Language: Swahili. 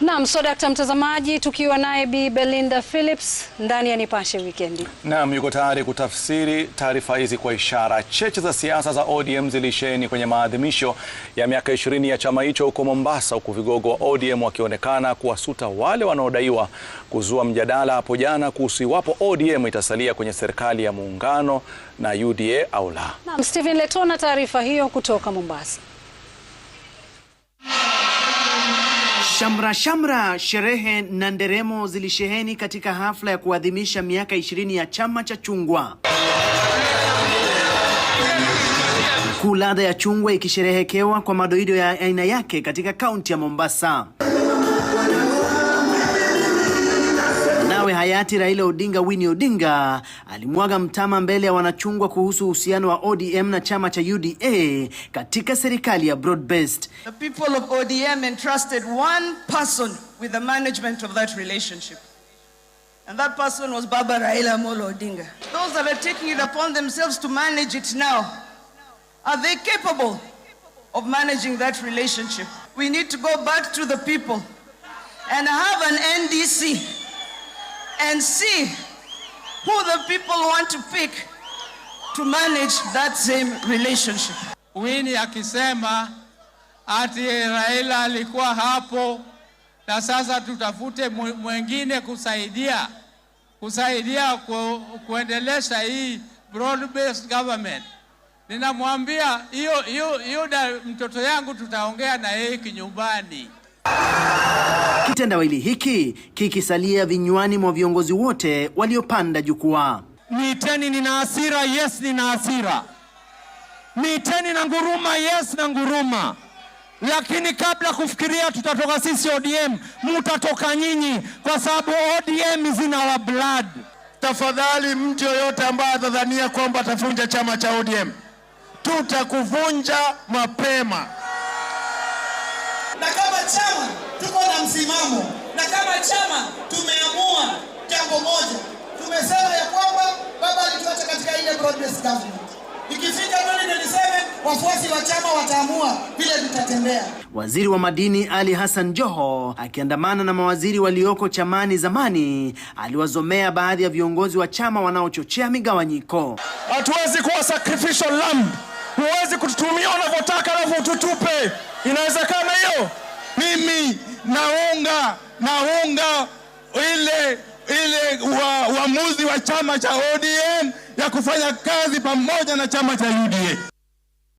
Naam, so dakta mtazamaji, tukiwa naye Bi Belinda Phillips ndani ya Nipashe Wikendi. Naam, yuko tayari kutafsiri taarifa hizi kwa ishara. Cheche za siasa za ODM zilisheni kwenye maadhimisho ya miaka ishirini ya chama hicho huko Mombasa, huku vigogo wa ODM wakionekana kuwasuta wale wanaodaiwa kuzua mjadala hapo jana kuhusu iwapo ODM itasalia kwenye serikali ya muungano na UDA au la. Naam, Stephen Letona taarifa hiyo kutoka Mombasa. Shamra shamra, sherehe na nderemo zilisheheni katika hafla ya kuadhimisha miaka ishirini ya chama cha chungwa, huku ladha ya chungwa ikisherehekewa kwa madoido ya aina yake katika kaunti ya Mombasa. Hayati Raila Odinga Winnie Odinga alimwaga mtama mbele ya wanachungwa kuhusu uhusiano wa ODM na chama cha UDA katika serikali ya broad based. The people of ODM entrusted one person with the management of that relationship. And that person was Baba Raila Molo Odinga. Those that are taking it upon themselves to manage it now, are they capable of managing that relationship? We need to go back to the people and have an NDC and see who the people want to pick to manage that same relationship. Wini akisema ati Raila alikuwa hapo na sasa tutafute mwengine kusaidia kusaidia ku, kuendelesha hii broad based government. Ninamwambia hiyo hiyo mtoto yangu tutaongea na yeye kinyumbani. Kitendawili hiki kikisalia vinywani mwa viongozi wote waliopanda jukwaa. Niiteni nina hasira, yes nina hasira. Niiteni na nguruma, yes na nguruma. Lakini kabla kufikiria tutatoka sisi ODM, mutatoka nyinyi, kwa sababu ODM zina la blood. Tafadhali, mtu yoyote ambaye atadhania kwamba atavunja chama cha ODM, tutakuvunja mapema na kama chama tuko na msimamo, na kama chama tumeamua jambo moja. Tumesema ya kwamba baba alituacha katika ile progress government, ikifika niseme wafuasi wa chama wataamua vile tutatembea. Waziri wa madini Ali Hassan Joho akiandamana na mawaziri walioko chamani zamani aliwazomea baadhi ya viongozi wa chama wanaochochea migawanyiko. Hatuwezi kuwa sacrificial lamb wanavyotaka alafu ututupe Inawezekana hiyo? Mimi naunga naunga ile ile uamuzi wa, wa chama cha ODM ya kufanya kazi pamoja na chama cha UDA.